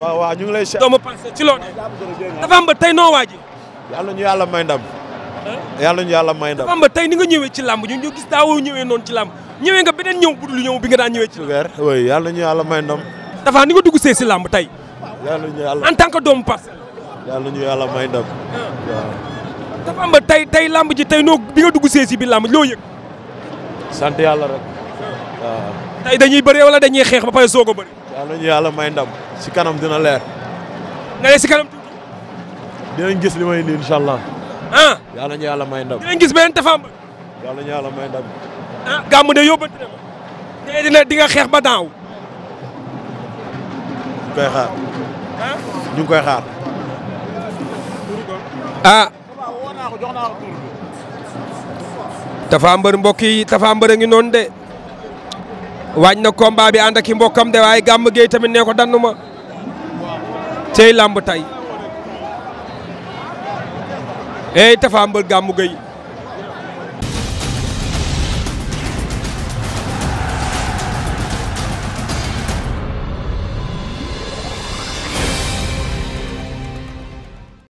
waaw waaw ñu ngi lay. doomu Parcelles ci loolu. dafa am ba tey noo waajee. yàlla ñu yàlla may ndam. yàlla ñu yàlla may ndam. am ba tey ni nga ñëwee ci làmb ñu gis daawoo ñëwee noonu ci làmb ñëwee nga beneen ñëw bu dul ñëw bi nga daan ñëwee ci. weer oui yàlla ñu yàlla may ndam. dafa ni nga dugg see si làmb tey. yàlla ñu yàlla en tant que doomu Parcelles. yàlla ñu yàlla may ndam. waaw. dafa am ba tey tey làmb ji tey noo bi nga dugg see si bi làmb loo yëg. sant yàlla rek waaw. dañuy bëree walla dañuy xeex ba pare soog a bëri. yàlla ñu yàlla may si kanam dina leer. nga ne si kanam tuuti. dinañ gis li may indi incha allah. ah yàlla ñu yàlla may ndam. dinañ gis beneen Tapha Mbeur. yàlla ñu yàlla ah, de dina di xeex ba daaw. ñu koy xaar. Ah? ñu koy xaar. ah. Tapha Mbeur mbokk yi Tapha a ngi noonu de. waaj na combat bi ànd ak i mbokkam de waaye gàmm geey tamit nee ko dannu ma. cey làmb tey ey Tapha Mbeur Gamou Gueye